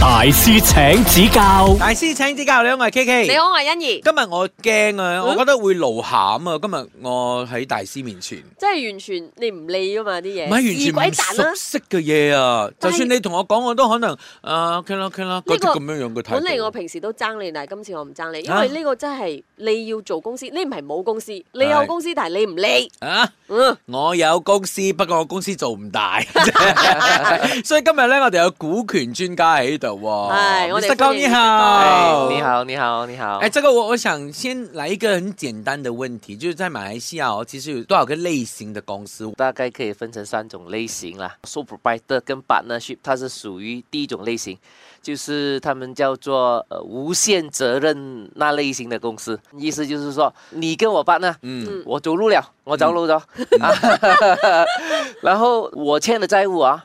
大師請指教，大師請指教。你好，我係 KK。你好，我係欣宜。今日我驚啊，我覺得會露餡啊。今日我喺大師面前，即係完全你唔理啊嘛啲嘢，唔係完全唔熟悉嘅嘢啊。就算你同我講，我都可能啊。傾啦傾啦，呢個咁樣樣嘅態度，本嚟我平時都爭你，但係今次我唔爭你，因為呢個真係你要做公司，你唔係冇公司，你有公司，但係你唔理啊。嗯，我有公司，不過我公司做唔大，所以今日咧，我哋有股。佢應家喺度喎，我德高你好，你好你好你好，誒，hey, 這個我我想先來一個很簡單的問題，就是在馬來西亞哦，其實有多少個類型的公司？大概可以分成三種類型啦，sole proprietor 跟 partnership 它是屬於第一種類型，就是他們叫做、呃、無限責任那類型的公司，意思就是說你跟我辦呢，嗯，我走路了，我走路咗，嗯啊、然後我欠了債務啊。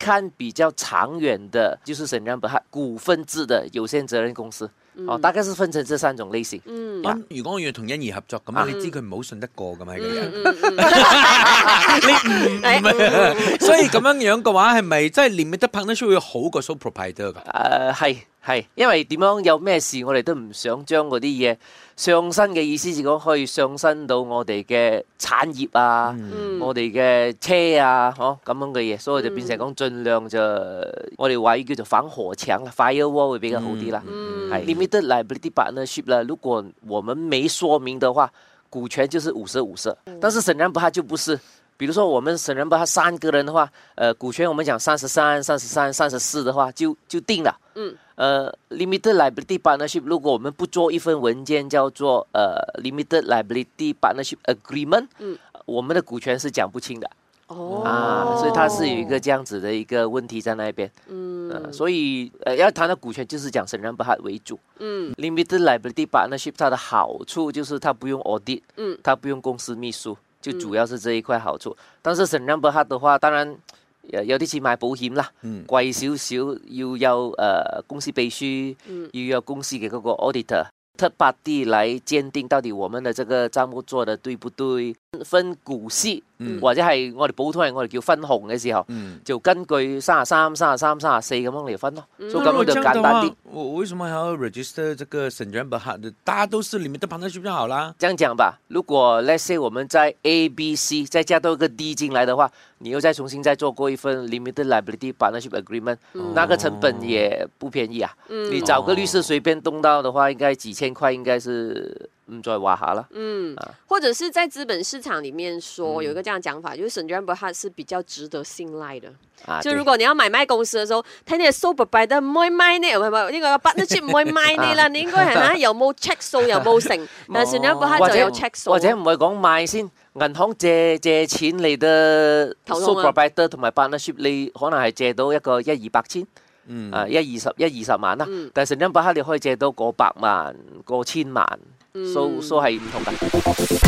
看比較長遠的，就是怎樣辦股份制的有限責任公司，嗯、哦，大概是分成這三種類型，嗯，咁、嗯、如果我要同欣宜合作咁啊，你知佢唔好信得過噶嘛喺佢，嗯嗯、 所以咁樣樣嘅話，係咪真係 limited partnership 會好過 sole proprietor 噶？誒係。係，因為點樣有咩事，我哋都唔想將嗰啲嘢上身嘅意思，是講可以上身到我哋嘅產業啊，嗯、我哋嘅車啊，嗬、哦、咁樣嘅嘢，所以就變成講盡量就、嗯、我哋話叫做防火牆啦，firewall 會比較好啲啦。limited liability partnership，如果我們未說明嘅話，股權就是五十五十，但是神人不下就不是，比如說我們神人不下三個人嘅話，呃，股權我們講三十三、三十三、三十四嘅話，就就定了。嗯誒 limited liability partnership，如果我們不做一份文件叫做誒 limited liability partnership agreement，嗯，我們的股權是講不清的。哦，啊，所以它是有一個這樣子的一個問題在那一邊。嗯，所以誒要談到股權，就是講 Sendirian Berhad 為主。嗯，limited liability partnership 它的好處就是它不用 audit，嗯，它不用公司秘書，就主要是這一塊好處。但是 Sendirian Berhad 的話，當然。有有啲似買保險啦，貴少少，小小要有誒、呃、公司秘書，嗯、要有公司嘅嗰個 auditor，third party，來鑑定到底我們的這個賬目做得對不對。分股息、嗯、或者係我哋普通人我哋叫分紅嘅時候，嗯、就根據三十三、三十三、三十四咁樣嚟分咯。所以咁樣就簡單啲。我為什麼要 register 這個大家都是 limit 的 partnership 好啦。這樣講吧，如果 let’s say 我們在 A、B、C 再加多一個 D 進來的話，你又再重新再做過一份 limited liability partnership agreement，嗯、那個成本也不便宜啊。嗯嗯、你找個律師隨便動到的話，應該幾千塊，應該是。唔再話下啦。嗯，或者是在資本市場裡面，說有一個這樣講法，就是神金伯克係比較值得信賴的。就如果你要買買公司嘅時候，睇啲 superbider 唔可以買咧，唔係唔係呢個 partnership 唔可以買咧啦。你應該係啦，又冇 check 數又冇成，但係神金伯克就有 check 數。或者唔係講買先，銀行借借錢嚟的 superbider 同埋 partnership，你可能係借到一個一二百千，一二十一二十萬啦。但係神金伯克你可以借到過百萬過千萬。數數係唔同噶，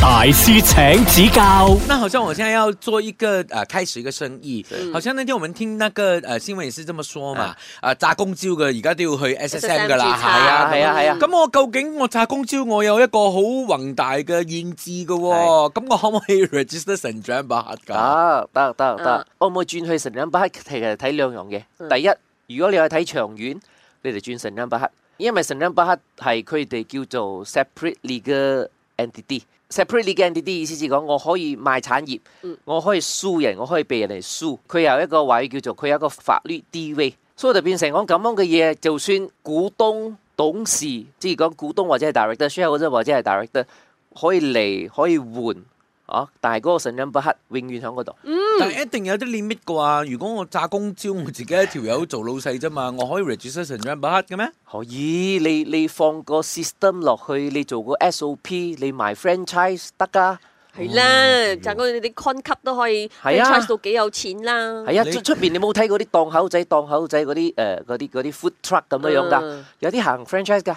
大師請指教。嗱，好像我現在要做一個啊，開始一個生意。好像呢啲我們聽那個誒新聞人士咁樣說嘛，啊，炸公蕉嘅而家都要去 S S M 噶啦，係啊，係啊，係啊。咁我究竟我炸公蕉，我有一個好宏大嘅願景嘅，咁我可唔可以 register 成長板噶？得得得得，我咪轉去成長板，其實睇兩樣嘅。第一，如果你係睇長遠。你哋轉神隱巴克，因為神隱巴克係佢哋叫做 separate legal entity。separate legal entity 意思係講我可以賣產業，嗯、我可以 sue 人，我可以被人哋 sue。佢有一個位叫做，佢有一個法律地位，所以就變成講咁樣嘅嘢，就算股東董事，即係講股東或者係 director share holder 或者係 director，可以嚟，可以換。啊！但係嗰個神隱不測永遠喺嗰度，但係一定有啲 limit 嘅話，如果我炸公招，我自己一條友做老細啫嘛，我可以 reduce 神隱不測嘅咩？可以，你你放個 system 落去，你做個 SOP，你賣 franchise 得噶？係啦，炸工你啲 concup 都可以 franchise 到幾有錢啦。係啊，出出邊你冇睇嗰啲檔口仔、檔口仔嗰啲誒嗰啲嗰啲 food truck 咁樣樣㗎，有啲行 franchise 㗎。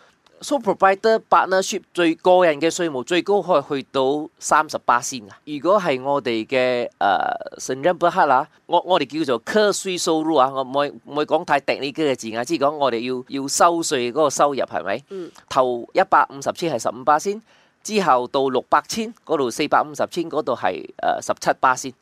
supervisor partnership 最個人嘅稅務最高可以去到三十八先啊！如果係我哋嘅誒承擔不客啦，我我哋叫做 curse 個稅收入啊！我唔會唔會講太敵呢啲嘅字眼，即係講我哋要要收稅嗰個收入係咪？嗯，頭一百五十千係十五八先，之後到六百千嗰度，四百五十千嗰度係誒十七八先。Uh,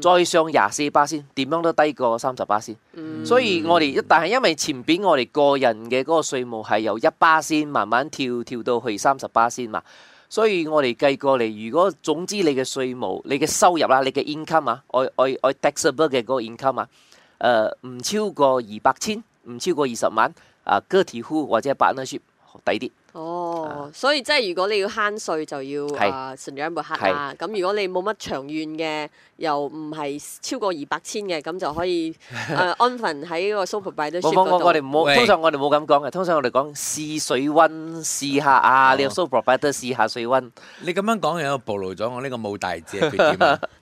再上廿四巴先，點樣都低過三十八先，嗯、所以我哋但係因為前邊我哋個人嘅嗰個稅務係由一巴先慢慢跳跳到去三十八先嘛，所以我哋計過嚟，如果總之你嘅稅務，你嘅收入啦，你嘅 income 啊，我我我 taxable 嘅嗰個 income 啊，誒唔、啊啊、超過二百千，唔超過二十萬啊，個體戶或者 partnership 抵啲。哦，所以即係，如果你要慳稅，就要啊存兩筆黑啦。咁如果你冇乜長遠嘅，又唔係超過二百千嘅，咁就可以誒安分喺個 super buy 都舒服啲。冇冇，我哋唔好，通常我哋冇咁講嘅。通常我哋講試水溫，試下啊，你個 super buy 都試下水溫。你咁樣講又暴露咗我呢個冇大字。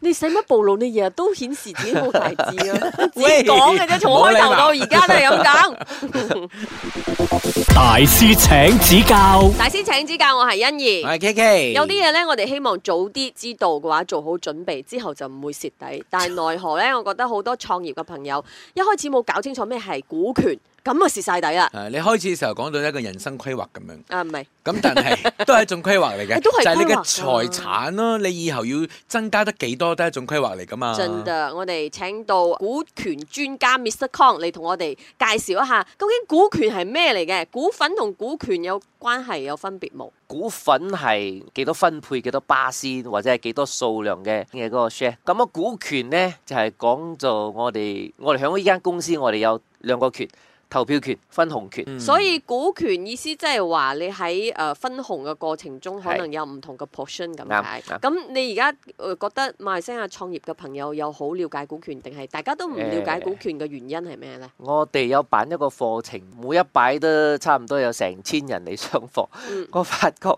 你使乜暴露？你日日都顯示自己冇大字啊？喂，講嘅啫，從開頭到而家都係咁講。大師請指教。Hello. 大師請指教，我係欣怡，係 K K。有啲嘢呢，我哋希望早啲知道嘅話，做好準備之後就唔會蝕底。但係奈何呢，我覺得好多創業嘅朋友一開始冇搞清楚咩係股權。咁啊！蝕晒底啦！誒，你開始嘅時候講到一個人生規劃咁樣啊，唔係咁，但係都係一種規劃嚟嘅， 都就係你嘅財產咯。啊、你以後要增加得幾多，都係一種規劃嚟噶嘛。真嘅，我哋請到股權專家 Mr. Kong 嚟同我哋介紹一下，究竟股權係咩嚟嘅？股份同股權有關係有分別冇？股份係幾多分配幾多巴仙，或者係幾多數量嘅嘅嗰個 share。咁啊，股權咧就係、是、講做我哋我哋喺呢間公司，我哋有兩個權。投票權、分紅權，嗯、所以股權意思即係話你喺誒分紅嘅過程中，可能有唔同嘅 portion 咁解對。咁你而家覺得馬來西亞創業嘅朋友又好了解股權，定係大家都唔了解股權嘅原因係咩呢？嗯、我哋有辦一個課程，每一擺都差唔多有成千人嚟上課。 我發覺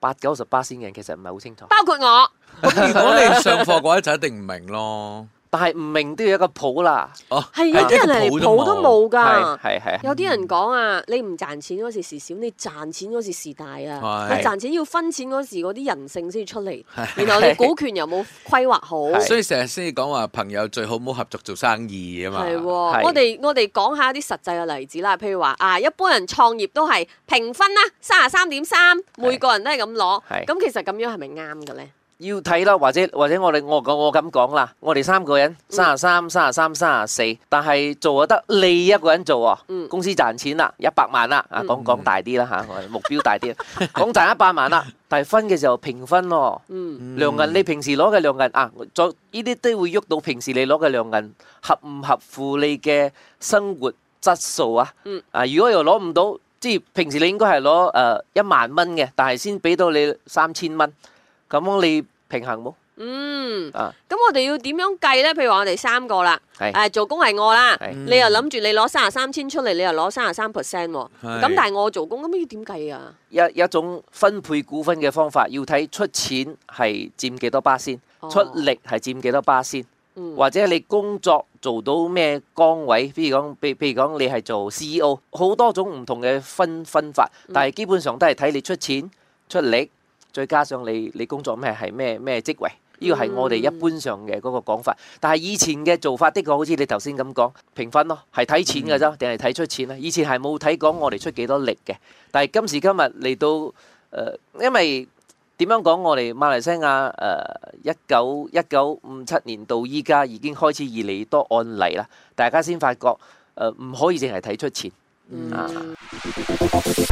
八九十巴仙人其實唔係好清楚，包括我。 如果你上課嘅話，就一定唔明咯。但係唔明都要一個譜啦，係有啲人係譜都冇㗎，有啲人講啊，你唔賺錢嗰時事少，你賺錢嗰時事大啊，你賺錢要分錢嗰時嗰啲人性先出嚟，然後你股權又冇規劃好，所以成日先講話朋友最好唔好合作做生意啊嘛。係喎，我哋我哋講下啲實際嘅例子啦，譬如話啊，一般人創業都係平分啦，三十三點三每個人都係咁攞，咁其實咁樣係咪啱嘅咧？要睇啦，或者或者我哋我講我咁講啦，我哋三個人三十三、三十三、三十四，但係做啊，得你一個人做、啊嗯、公司賺錢、嗯、啦，一百萬啦，啊講講大啲啦吓，我哋目標大啲，講賺一百萬啦，但係分嘅時候平分咯、啊，糧銀你平時攞嘅糧銀啊，再呢啲都會喐到平時你攞嘅糧銀合唔合乎你嘅生活質素啊，嗯、啊如果又攞唔到，即係平時你應該係攞誒，一萬蚊嘅，但係先俾到你三千蚊。咁你平衡冇？嗯，啊，咁我哋要點樣計呢？譬如話我哋三個啦，係是、呃、做工係我啦是，你又諗住你攞三十三千出嚟，你又攞三十三 percent，咁但係我做工，咁要點計啊？一一種分配股份嘅方法，要睇出錢係佔幾多巴先，哦，出力係佔幾多巴先，嗯，或者你工作做到咩崗位？比如講，譬如講，你係做 CEO，好多種唔同嘅分分法，但係基本上都係睇你出錢出力。再加上你你工作咩係咩咩職位，依個係我哋一般上嘅嗰個講法。但係以前嘅做法的確好似你頭先咁講，評分咯，係睇錢嘅啫，定係睇出錢啊。以前係冇睇講我哋出幾多力嘅。但係今時今日嚟到，誒，因為點樣講，我哋馬來西亞誒一九一九五七年到依家已經開始越嚟越多案例啦，大家先發覺誒唔可以淨係睇出錢。啊！嗯、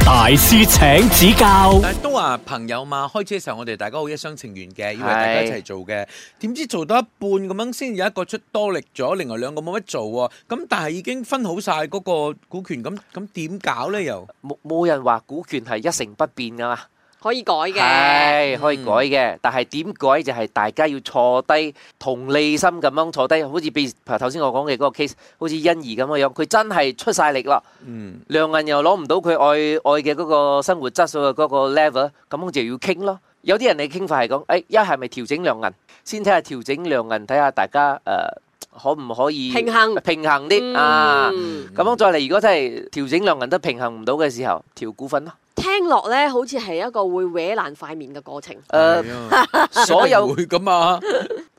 大師請指教。都話朋友嘛，開車時候我哋大家好一廂情願嘅，以為大家一齊做嘅，點知做到一半咁樣，先有一個出多力咗，另外兩個冇乜做喎、啊。咁但係已經分好晒嗰個股權，咁咁點搞呢？又冇冇人話股權係一成不變噶嘛？可以改嘅，係可以改嘅，但係點改就係大家要坐低同理心咁樣坐低，好似譬如頭先我講嘅嗰個 case，好似欣怡咁嘅樣，佢真係出晒力啦，嗯，量銀又攞唔到佢愛愛嘅嗰個生活質素嘅嗰個 level，咁樣就要傾咯。有啲人你傾法係講，誒，一係咪調整量銀，先睇下調整量銀，睇下大家誒可唔可以平衡平衡啲啊？咁樣再嚟，如果真係調整量銀都平衡唔到嘅時候，調股份咯。聽落咧，好似係一個會搲爛塊面嘅過程。誒，所有會噶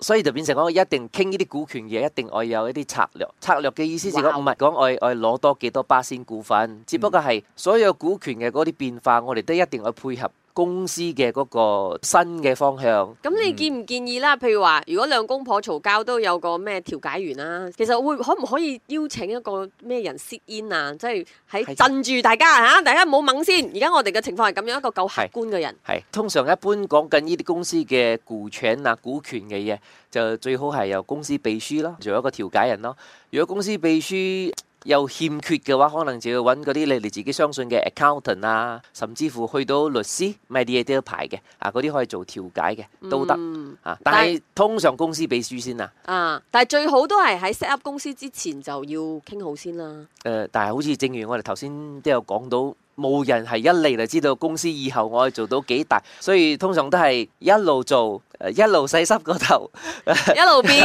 所以就變成我一定傾呢啲股權嘢，一定我有一啲策略。策略嘅意思就係講唔係講我我攞多幾多巴仙股份，只不過係所有股權嘅嗰啲變化，我哋都一定去配合。公司嘅嗰個新嘅方向，咁你建唔建議啦？嗯、譬如話，如果兩公婆嘈交都有個咩調解員啦、啊，其實會可唔可以邀請一個咩人 sit in 啊？即係喺鎮住大家嚇的、啊，大家唔好掹先。而家我哋嘅情況係咁樣，一個夠客觀嘅人。係通常一般講緊呢啲公司嘅股權啊、股權嘅嘢，就最好係由公司秘書咯，做一個調解人咯。如果公司秘書有欠缺嘅話，可能就要揾嗰啲你哋自己相信嘅 accountant 啊，甚至乎去到律師咩啲嘢都要排嘅，啊，嗰啲可以做調解嘅都得是啊。但係通常公司秘書先啊。啊！但係最好都係喺 set up 公司之前就要傾好先啦。誒、啊，但係好似正如我哋頭先都有講到。冇人係一嚟就知道公司以後我可以做到幾大，所以通常都係一路做，誒一路洗濕個頭，一路變，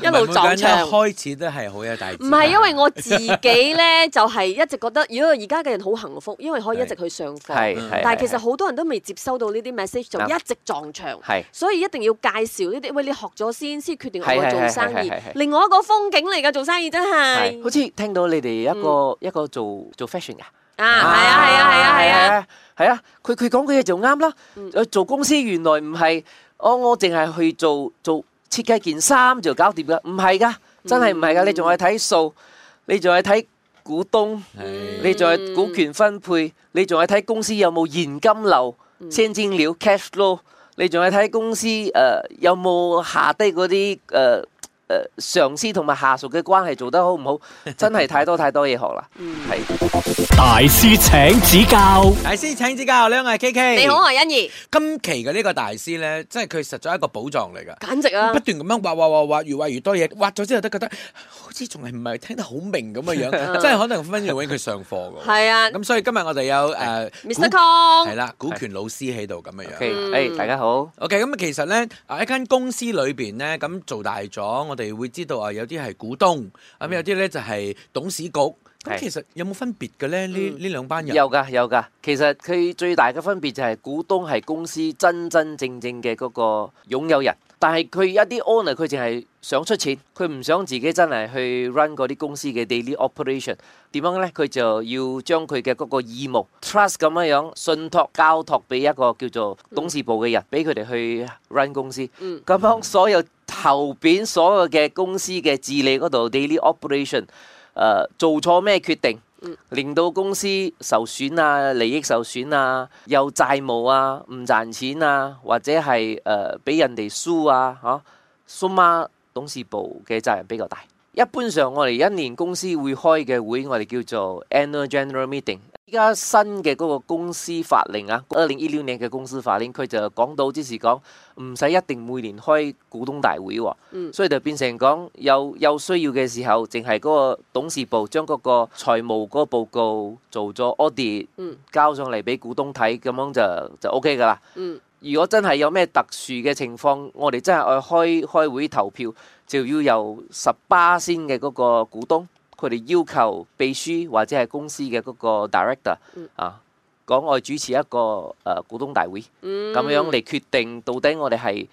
一路撞牆，開始都係好有大。唔係因為我自己咧，就係一直覺得，如果而家嘅人好幸福，因為可以一直去上課，但係其實好多人都未接收到呢啲 message，就一直撞牆。係，所以一定要介紹呢啲，喂，你學咗先，先決定我去做生意，另外一個風景嚟㗎，做生意真係，好似聽到你哋一個一個做做。fashion 嘅啊，係啊，係啊，係啊，係啊，係啊，佢佢講嘅嘢，就啱啦。做公司原來唔係我我淨係去做做設計件衫就搞掂噶，唔係噶，真係唔係噶。你仲係睇數，你仲係睇股東，你仲係股權分配，你仲係睇公司有冇現金流、現金流 cash flow，你仲係睇公司誒有冇下低嗰啲誒。誒，上司同埋下屬嘅關係做得好唔好？真係太多太多嘢學啦。係。大師請指教。大師請指教，兩位 K K。你好，我係欣宜。今期嘅呢個大師咧，即係佢實在係一個寶藏嚟噶。簡直啊！不斷咁樣挖挖挖挖，越挖越多嘢。挖咗之後都覺得，好似仲係唔係聽得好明咁嘅樣，即係可能分分鐘搵佢上課噶。係啊。咁所以今日我哋有誒，Mr Kong 係啦，股權老師喺度咁嘅樣。誒，大家好。OK，咁其實咧，啊，一間公司裏邊咧，咁做大咗。我哋會知道啊，有啲係股東，咁有啲咧就係董事局。咁其實有冇分別嘅咧？呢呢兩班人、嗯、有噶有噶。其實佢最大嘅分別就係股東係公司真真正正嘅個擁有人。但係佢一啲 owner 佢淨係想出錢，佢唔想自己真係去 run 嗰啲公司嘅 daily operation。點樣呢？佢就要將佢嘅嗰個義務 trust 咁樣樣信託交託俾一個叫做董事部嘅人，俾佢哋去 run 公司。咁、嗯、樣所有後邊所有嘅公司嘅治理嗰度 daily operation，、呃、做錯咩決定？令到公司受損啊，利益受損啊，有債務啊，唔賺錢啊，或者係誒俾人哋輸啊，吓、啊，所以嘛董事部嘅責任比較大。一般上我哋一年公司會開嘅會，我哋叫做 Annual General Meeting。依家新嘅嗰個公司法令啊，二零一六年嘅公司法令，佢就講到，即是講唔使一定每年開股東大會，哦，嗯，所以就變成講有有需要嘅時候，淨係嗰個董事部將嗰個財務嗰個報告做咗 audit 嗯，交上嚟俾股東睇，咁樣就就 OK 噶啦，嗯，如果真係有咩特殊嘅情況，我哋真係去開開會投票，就要有十巴仙嘅嗰個股東。佢哋要求秘書或者係公司嘅嗰個 director、嗯、啊，講我主持一個誒、呃、股東大會，咁樣嚟決定到底我哋係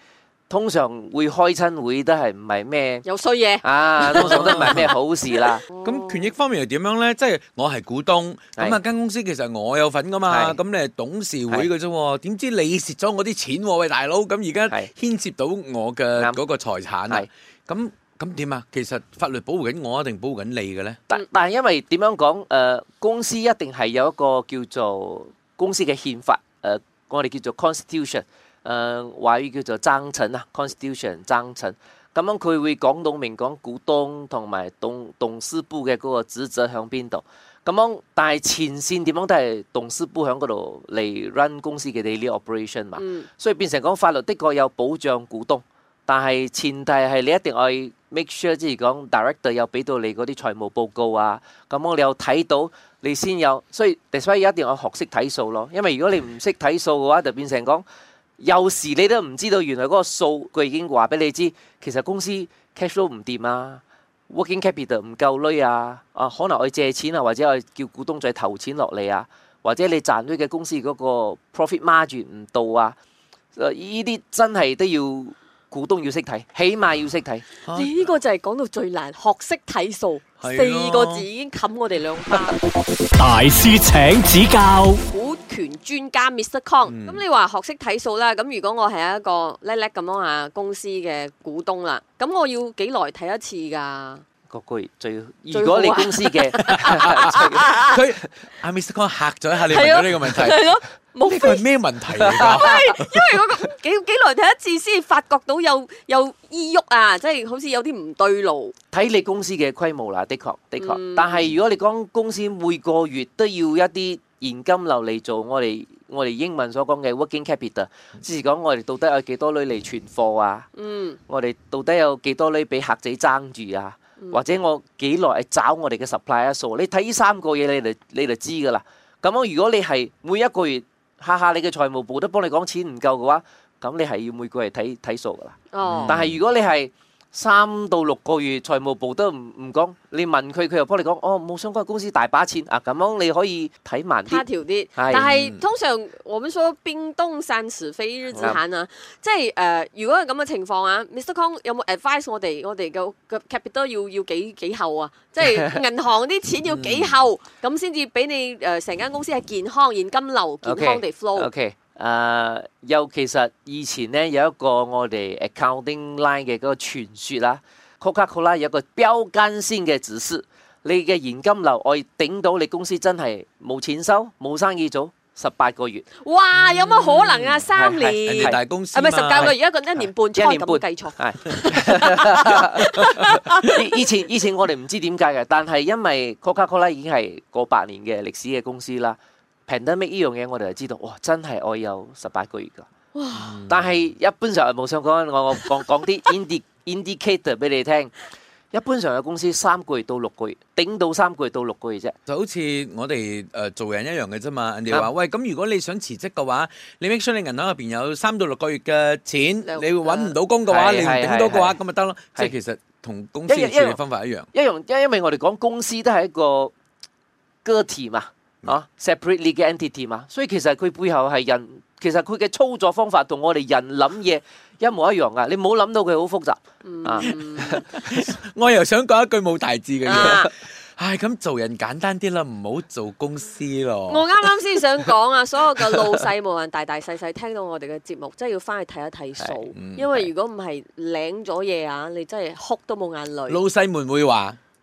通常會開親會都係唔係咩？有衰嘢啊，通常都唔係咩好事啦。咁、 哦嗯、權益方面又點樣咧？即係我係股東，咁啊間公司其實我有份噶嘛，咁是你係董事會㗎啫，點是知你蝕咗我啲錢？喂，大佬，咁而家牽涉到我嘅嗰個財產咁。咁點啊？其實法律保護緊我定保護緊你嘅咧？但但係因為點樣講？誒、呃、公司一定係有一個叫做公司嘅憲法，誒、呃、我哋叫做 constitution，誒、呃、華語叫做章程啊，constitution 章程。咁樣佢會講到明講股東同埋董董事部嘅嗰個職責喺邊度。咁樣但係前線點樣都係董事部喺嗰度嚟 run 公司嘅 daily operation 嘛。所以變成講法律的確有保障股東。但係前提係你一定要去 make sure 即係講，director 有俾到你嗰啲財務報告啊，咁我哋有睇到你先有，所以所以一定要學識睇數咯。因為如果你唔識睇數嘅話，就變成講有時你都唔知道原來嗰個數，佢已經話俾你知，其實公司 cash 都唔掂啊，working capital 唔夠濾啊，啊可能去借錢啊，或者去叫股東再投錢落嚟啊，或者你賺到嘅公司嗰個 profit margin 唔到啊，呢、啊、啲真係都要。股東要識睇，起碼要識睇。呢、啊、個就係講到最難，學識睇數、啊、四個字已經冚我哋兩巴。 大師請指教，股權專家 Mr. Kong。咁、嗯、你話學識睇數啦，咁如果我係一個叻叻咁樣啊公司嘅股東啦，咁我要幾耐睇一次噶？個月最，如果你公司嘅佢阿 Miss Kong 嚇咗一下你問咗呢個問題，係咯？呢個係咩問題嚟？唔係，因為我幾幾耐睇一次先發覺到有有意喐啊！即係好似有啲唔對路。睇你公司嘅規模啦，的確的確。但係如果你講公司每個月都要一啲現金流嚟做我哋我哋英文所講嘅 working capital，即是講我哋到底有幾多呂嚟存貨啊？嗯，我哋到底有幾多呂俾客仔爭住啊？或者我幾耐找我哋嘅 supplier 數，你睇呢三個嘢，你就你就知㗎喇。咁樣如果你係每一個月下下你嘅財務部都幫你講錢唔夠嘅話，咁你係要每個月睇睇數㗎喇。哦，但係如果你係。三到六個月，財務部都唔唔講，你問佢佢又幫你講，哦，冇相關公司大把錢啊，咁樣你可以睇慢啲，他條啲。係，但係通常我們說冰凍三尺非一日之寒啊，即係誒，如果係咁嘅情況啊，Mr. Kong 有冇 advise 我哋我哋嘅嘅 capital 要要幾幾厚啊？即係銀行啲錢要幾厚咁先至俾你誒成間公司係健康，現金流健康地 flow。Okay, okay. 誒、又、呃、其實以前咧有一個我哋 accounting line 嘅嗰個傳說啦，Coca-Cola 有個標杆先嘅指示，你嘅現金流，我頂到你公司真係冇錢收冇生意做十八個月，哇、嗯、有乜可能啊？三年係大公司，係咪十八個月一個是，是一年半，開咁計錯？係以前以前我哋唔知點解嘅，但係因為 Coca-Cola 已經係過百年嘅歷史嘅公司啦。平得咩？呢樣嘢我哋就知道，哇！真係我有十八個月噶，哇但係一般上冇想講。我我講講啲 indicator 俾你聽。一般上嘅公司三個月到六個月，頂到三個月到六個月啫。就好似我哋誒做人一樣嘅啫嘛。人哋話、嗯、喂，咁如果你想辭職嘅話，你 Make sure 你銀行入邊有三到六個月嘅錢，你搵唔到工嘅話，嗯嗯、你唔頂到嘅話咁咪得咯。即係其實同公司嘅處理方法一樣。一樣，因因為我哋講公司都係一個個體嘛。啊，separately 嘅 entity 嘛，所以其實佢背後係人，其實佢嘅操作方法同我哋人諗嘢一模一樣啊！你冇諗到佢好複雜，我又想講一句冇大志嘅嘢，唉，咁做人簡單啲啦，唔好做公司咯。我啱啱先想講啊，所有嘅老細無人大大細細聽到我哋嘅節目，真係要翻去睇一睇數，因為如果唔係領咗嘢啊，你真係哭都冇眼淚。老細們會話。